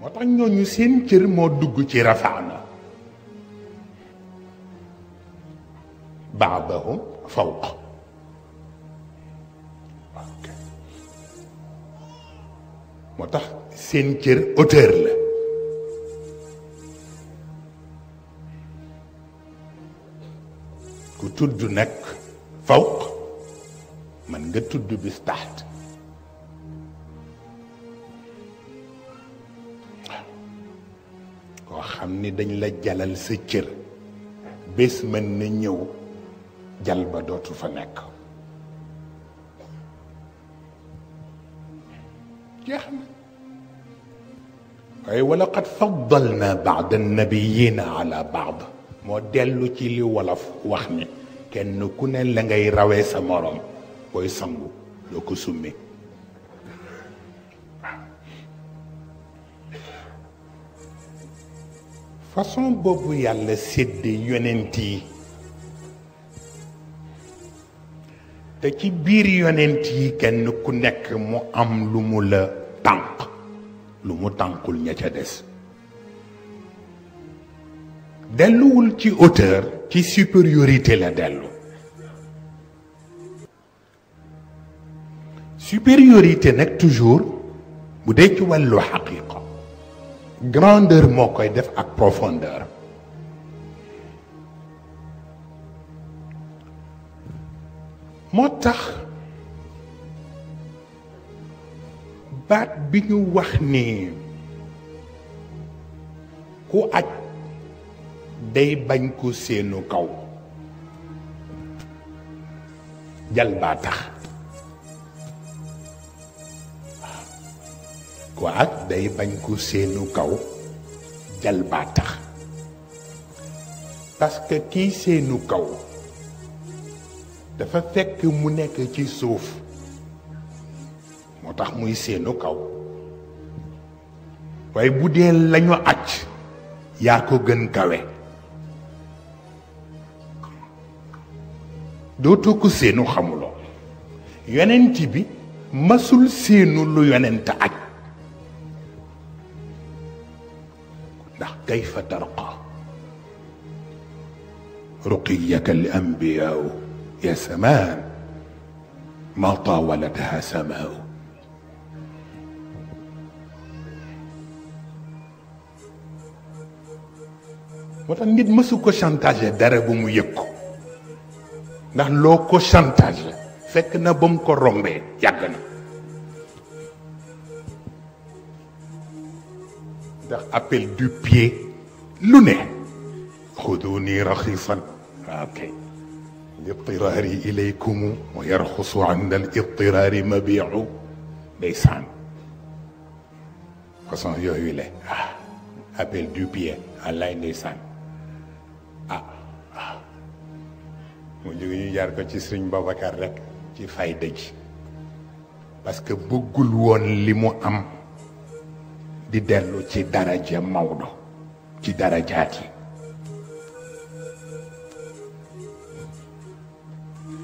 moo tax ñooñu seen cër moo dugg ci rafaana baadahum fawq moo tax seen cër auteur la ku tudd nag fawq man nga tudd bis taxt xam ni dañ la jalal sa cër bés mën na ñëw jal ba dootu fa nekk jeex na waaye wala qad faddalna baad annabiyina ala baad moo dellu ci li wolof wax ni kenn ku ne la ngay rawee sa moroom booy sangu doo ko summi façon boobu yàlla sédde yonent yi te ci biir yonent yi kenn ku nekk mu am lu mu la tànk lu mu tànkul ña ca des delluwul ci hauteur ci supériorité la dellu superiorité nag toujours mu dee ci wàllu xaqiqa grandeur moo koy def ak profondeur moo tax baat bi ñu wax ni ku aj day bañ ko seenu kaw jal tax waa ak day bañ ko seenu kaw jalbaa tax parce kii seenu kaw dafa fekk mu nekk ci suuf moo tax muy seenu kaw waaye bu dee lañu acc yaa ko gën kawe dootoo ko seenu xamuloo yonent bi masul seenu lu yonent acc kayfa tarqa رقيك الأنبياء يا سماء ما طاولتها سماء moo tax nit mësu ko chantage dara bu mu yëg ko ndax loo ko chantage fekk na ba mu ko rombee yàgg na ndax appel du pied lu ne xuduni raxisan ok litiraari ilaykum wa yarxusu an al itiraari mabiu ndeysaan façon yooyu le ah, appel du pied àllaay ndeysaan ah ah mu jóge ñu jaar ko ci sëriñ Babacar rek ci fayda ji bëggul woon li mu am di dellu ci daraja Maodo ci darajaat yi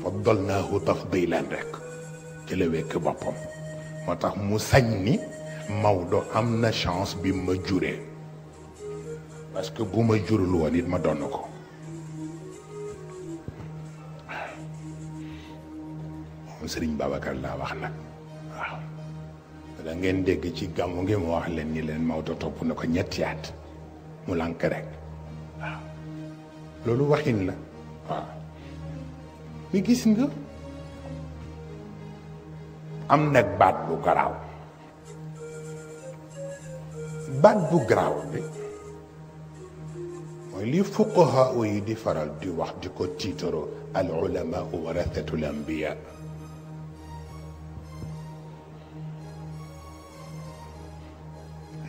faddalnaahu tafdilan rekk ci la wekk boppam moo tax mu sañ ni Maodo am na chance bi ma juree parce que bu ma jurul woon it ma donn ko moom Sëriñ Babacar laa wax nag waaw la ngeen dégg ci gàmmu ngi mu wax leen ni leen Maodo topp na ko ñetti at mu lànk rek loolu waxin la waaw mi gis nga am nag baat bu garaaw baat bu garaaw bi mooy li fuqahaa di faral di wax di ko tiitaroo al ulamaa warasatul anbiyaa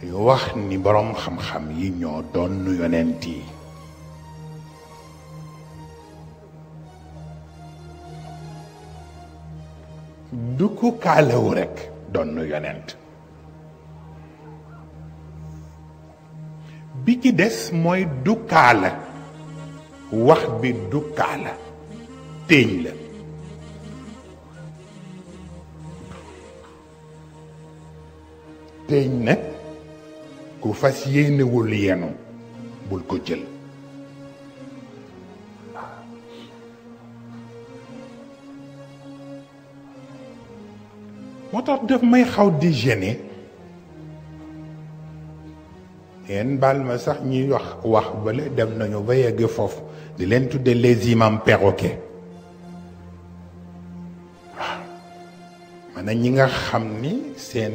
ñu wax ni boroom xam-xam yi ñoo doon yonent yi du kaalawu rekk doon yonent bi ci des mooy du wax bi du kaala téeñ la téeñ nag ku fas yéenewul yenu bul ko jël moo tax daf may xaw di gêné yéen baal ma sax ñuy wax wax bale dem nañu ba yegg foofu di leen tudde les imams perroquets waaw ñi nga xam ni seen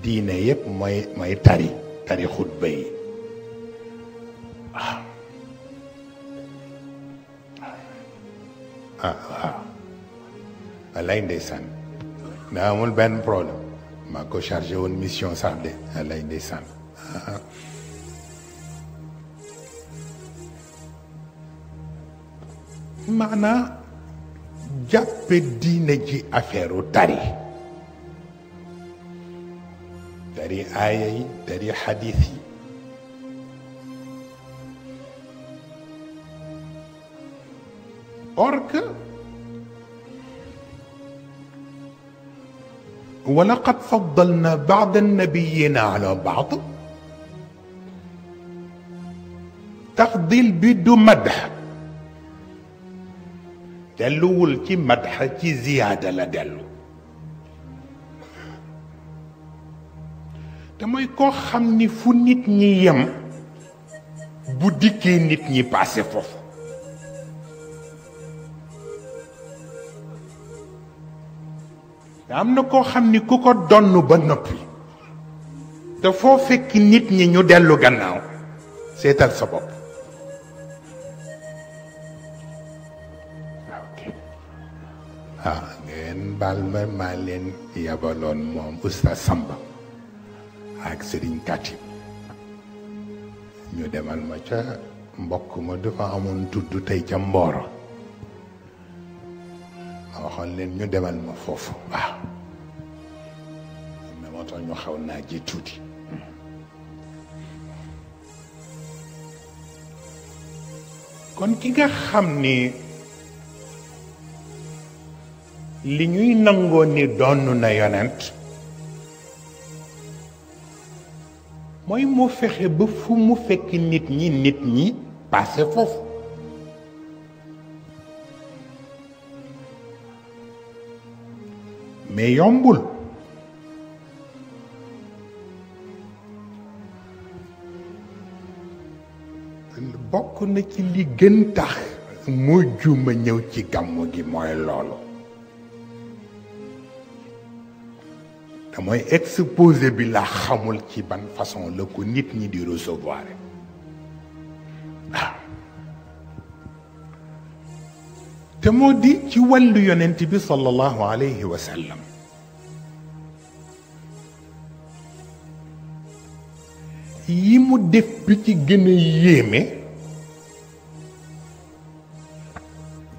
diine yépp mooy mooy tari tari xutba yi ah waaw ah, ah. wallaay ndeysaan daa amul benn problème maa ko chargé woon mission sax de wallaay ndeysaan ah, maanaa jàppe diine ji affaire wu tari dari aaya yi dari xadiis yi or que walaqad faddalna baada nabiyina ala baad tafdil bi du madx delluwul ci madx ci ziyaada la dellu te mooy koo xam ni fu nit ñi yem bu dikkee nit ñi paase foofu te am na koo xam ni ku ko donn ba noppi te foo fekk nit ñi ñu dellu gannaaw seetal sa bopp waaw ah, ngeen baal ma maa leen yabaloon moom Oustaz Samba ak Serigne ñu demal ma ca mbokk ma dafa amoon tudd tey ca Mboro ma waxoon leen ñu demal ma foofu waaw mais moo tax ñu xaw naa ji tuuti kon ki nga xam ni li ñuy nangoon ni doon na yonent mooy mu fexe ba fu mu fekk nit ñi nit ñi passé foofu mais yombul bokk na ci li gën tax mu juma ñëw ci gàmmu gi mooy loolu te mooy exposé bi laa xamul ci ban façon la ko nit ñi di recevoir ah. te moo di ci wàllu yonent bi sallallahu alayhi wa yi mu def bi ci gën a yéeme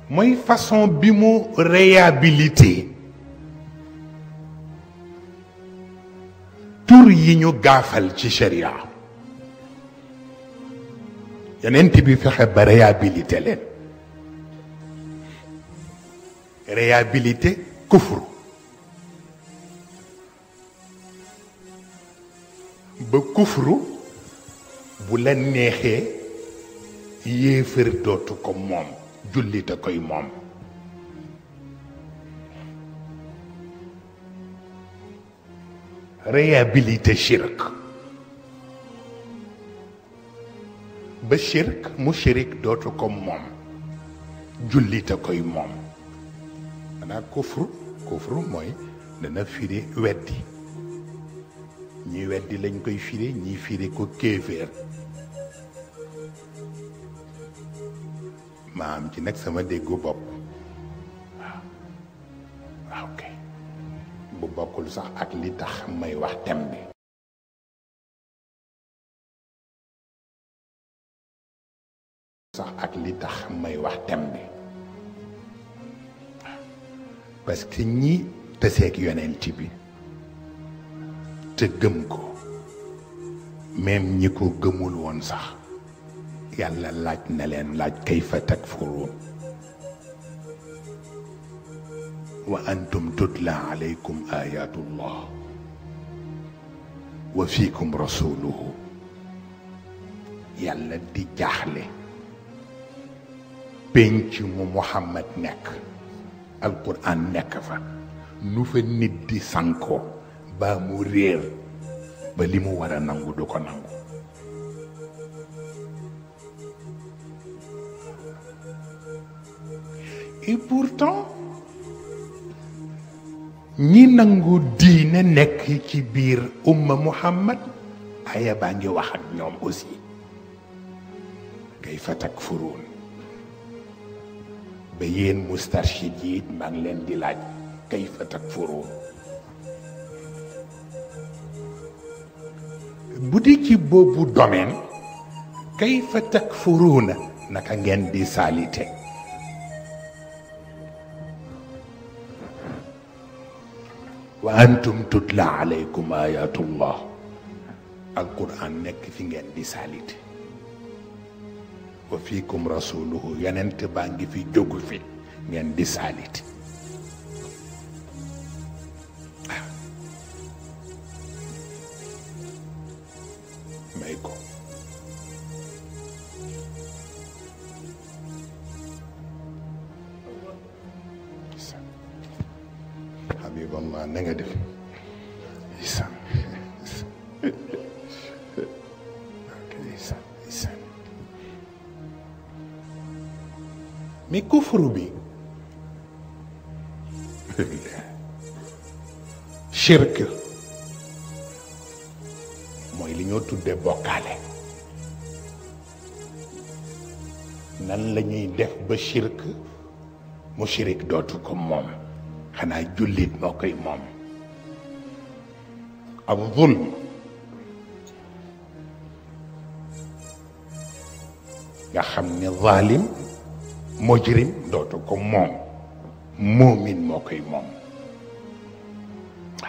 mooy façon bi mu réhabilité tur yi ñu gaafal ci sharia yonent bi fexe ba réhabilité leen réhabilité kufru ba kufru bu la neexee yéefër dootu ko moom jullit koy moom réhabiliter shirk ba shirk mushrik dootu ko moom jullita koy moom mooy dana firi weddi ñi weddi lañ koy firi ñi firi ko kéeféer maa am ci nag sama déggu bopp bu bokkul sax ak li tax may wax thème bi parce que ñi tëseeg yonent bi te gëm ko même ñi ko gëmul woon sax yàlla laaj na leen laaj kay kayfa takfuruun wa antum tutla alaykum ayatullah wa fiikum rasuluhu yàlla di jaaxle pénc mu Muhammad nekk alquran nekk fa nu fa nit di sankoo baa mu réer ba li mu war a nangu du ko nangu et pourtant ñi nangu diine nekk ci biir umma muhammad aya baa ngi wax ak ñoom aussi kayfa takfuruun ba yéen mustarshid yi it maa ngi leen di laaj kayfa takfuruun bu di ci boobu domaine kayfa takfuruuna naka ngeen di saalite wa antum tutla aleykum ayatullah alquran nekk fi ngeen di saalite wa fiikum rasuluhu yonent baa ngi fi jógu fi ngeen di saalite waaw na bi shirk mooy li ñoo tuddee nan la ñuy def ba shirk mu shirik dootu ko moom xanaa jullit moo koy moom ab zulm nga xam ni zalim mujrim dootu ko moom muumin moo koy moom waaw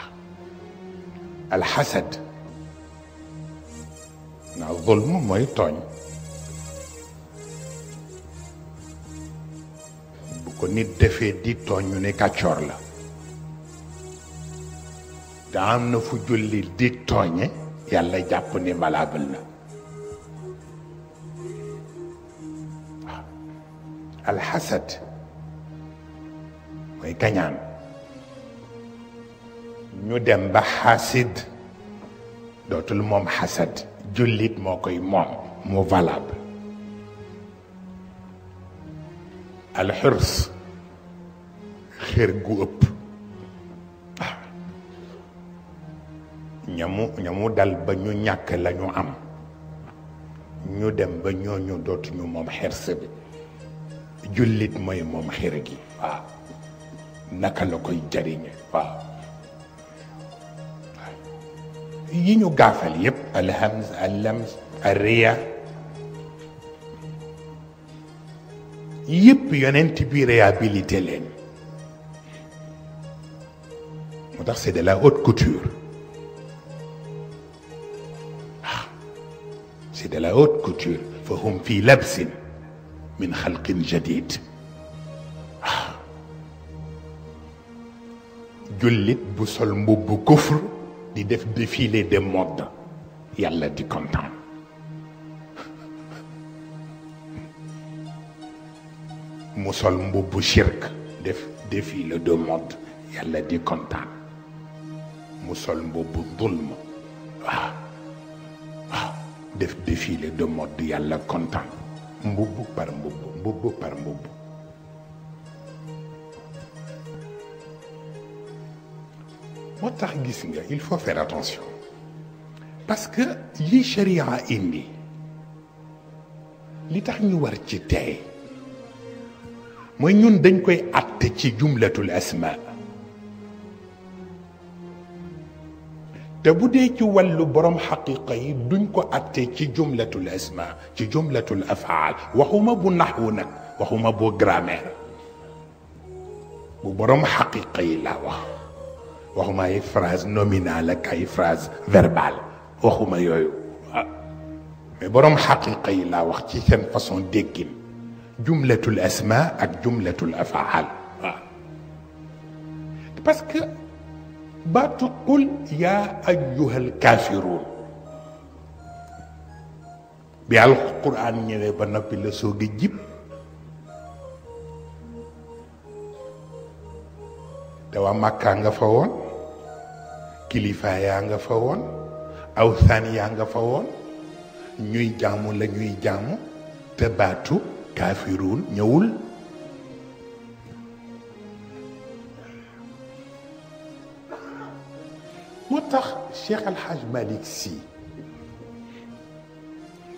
ah. alxasad na zulm mooy tooñ ko nit defee di tooñ ñu ne kàccoor la da am na fu julli di tooñe yàlla jàpp ni valable na ah. alxasad mooy kañaan ñu dem ba xasid dootul moom xasad jullit moo koy moom mu valable alxirs xër gu ëpp waaw ñamu ñamu dal ba ñu ñàkk la ñu am ñu dem ba ñooñu dootuñu moom xirs bi jullit mooy moom xër gi waaw naka la koy jariñe yi ñu gaafal yépp alhams allams arriya yépp yonent bi réhabilité leen moo tax c'est de la haute couture ah c'est de la haute couture fa hum fi labsin min xalqin jadid ah. jullit bu sol mbubb kufr di def défilé de mode yàlla di kontaan mu sol mbubbu shirk def défilé de mode yàlla di kontaan mu sol mbubbu dulm waaw waaw def défilé de yàlla kontaan mbubbu par mbubbu mbubbu par mbubbu moo tax gis nga il faut faire attention parce que lii sharia indi li tax ñu war ci tey mooy ñun dañ koy àtte ci jumlatul asma te bu dee ci wàllu borom xaqiqa duñ ko àtte ci jumlatul asma ci jumlatul afaal waxuma bu naxwu nag waxuma bu grammaire bu borom xaqiqa yi laa wax waxuma ay phrase nominale ak ay phrase verbale waxuma yooyu ah. mais borom xaqiqa yi laa wax ci seen façon déggin jumlatul asma ak jumlatul afaal waaw parce que baatu qul yaa ayyuhal kaafiruun bi alquran ñëwee ba noppi la soog jib te waa Makka nga fa woon kilifa yaa nga fa woon awsaan yaa nga fa woon ñuy jaamu la ñuy jaamu te baatu kaafiruun ñëwul moo tax Cheikh Al Hadj Malick Sy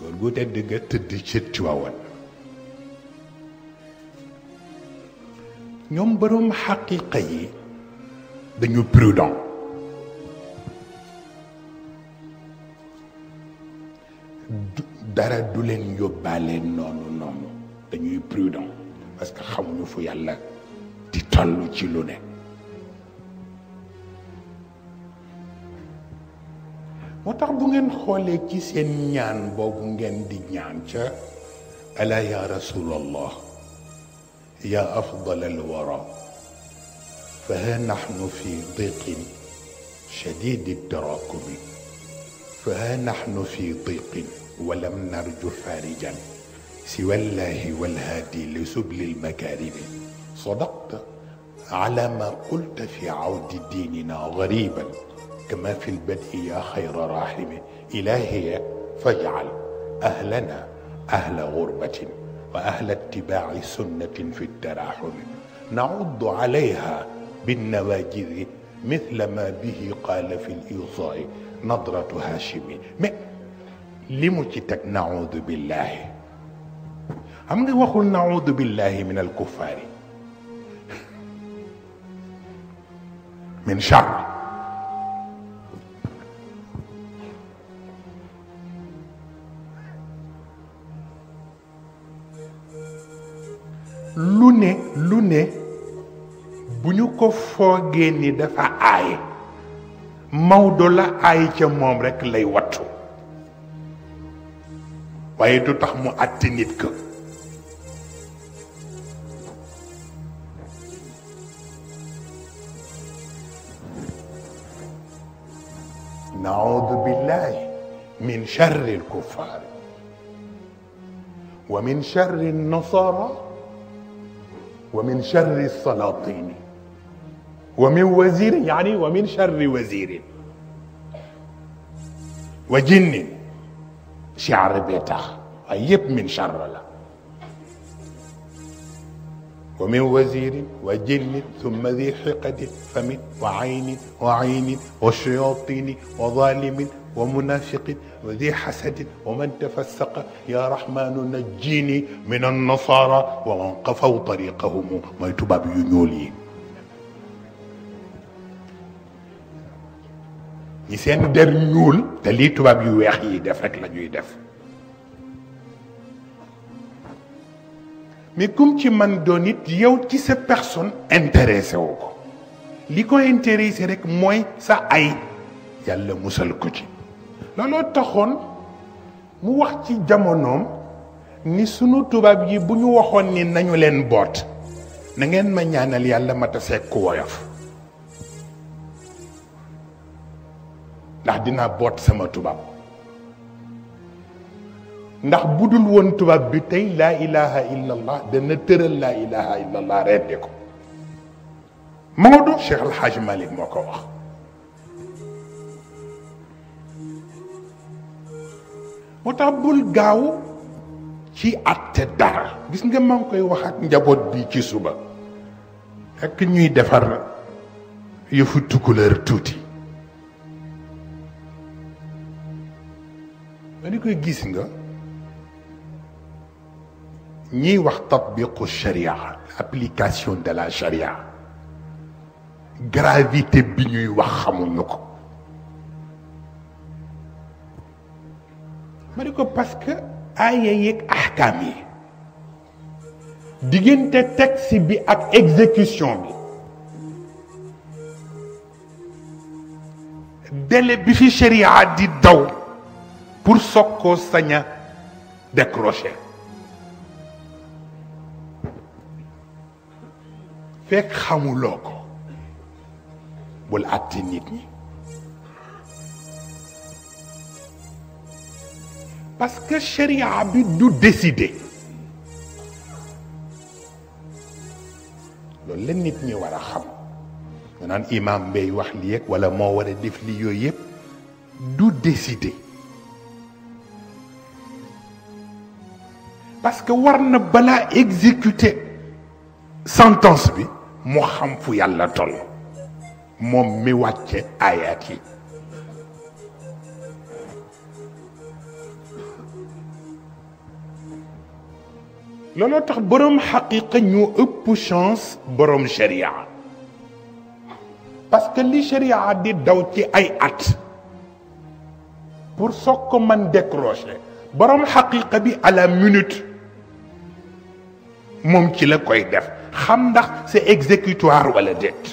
góor gu tedd tëdd ci Tiwaawan ñoom boroom xaqiqa yi dañu prudent dara du leen yóbbaale noonu dañuy prudent parce que xamuñu fu yàlla di toll ci lu ne moo tax bu ngeen xoolee ci seen ñaan boobu ngeen di ñaan ca ala ya rasulallah ya afdal alwara fa ha naxnu fi diqin shadid التراكم فها نحن في ضيق ولم نرجو فارجا سوى الله والهادي لسبل المكارم صدقت على ما قلت في عود ديننا غريبا كما في البدء يا خير راحم إلهي فاجعل أهلنا أهل غربة وأهل اتباع سنة في التراحم نعض عليها بالنواجذ مثل ما به قال في الإيصاء نظرة هاشم لمتك نعوذ بالله xam nga waxul na naudu billahi min al kuffaari min charr lu ne lu ne bu ñu ko foogee ni dafa aaye Maodo la aay ca moom rekk lay wattu waaye du tax mu àtte nit ko من شر الكفار ومن شر النصارى ومن شر السلاطين ومن وزير يعني ومن شر وزير وجن شعر بيته أيب من شر له ومن وزير وجن ثم ذي حقد فمن وعين وعين وشياطين وظالم ومنافق وذي حسد ومن تفسق يا رحمن نجيني من النصارى ومن قفوا طريقهم ما يتباب ينولي ñi seen der ñuul te lii tubaab yu weex yi def rek la ñuy def mais comme ci man doon it yow ci sa personne intéressé woo li ko intéressé mooy sa ay yàlla musal ko ci looloo taxoon mu wax ci jamonoom ni sunu tubaab yi bu ñu waxoon ni nañu leen boot na ma ñaanal yàlla ma taseeg ku woyof ndax dinaa boot sama tubaab ndax bu dul woon tubaab bi tey laa ilaha illallah dana tëral laa ilaha illallah reddi ko Maodo Cheikh Al Hadj Malick moo ko wax moo tax bul gaaw ci àtte dara gis nga maa koy wax ak njaboot bi ci suba fekk ñuy defar yëfutu tukkuleer tuuti ma koy gis nga ñiy wax tatbiqu sharia application de la sharia gravité bi ñuy wax xamuñu ko ma ne ko parce que aaya yeeg ahkaam yi diggante texte bi ak exécution bi délai bi fi sharia di daw pour soog koo sañ décrocher fekk xamuloo ko bul àtte nit ñi parce que sharia bi du décider loolu la nit ñi war a xam nga naan imam mbay wax li yëg wala moo war a def li yooyu yëpp du décider parce que war na balaa exécuter sentence bi mu xam fu yàlla toll moom mi wàcce ayat yi looloo tax borom xaqiqa ñoo ëpp chance borom sharia parce que li sharia di daw ci ay at pour soog ko man décrocher borom xaqiqa bi à la minute moom ci la koy def xam ndax c'est exécutoire walla déet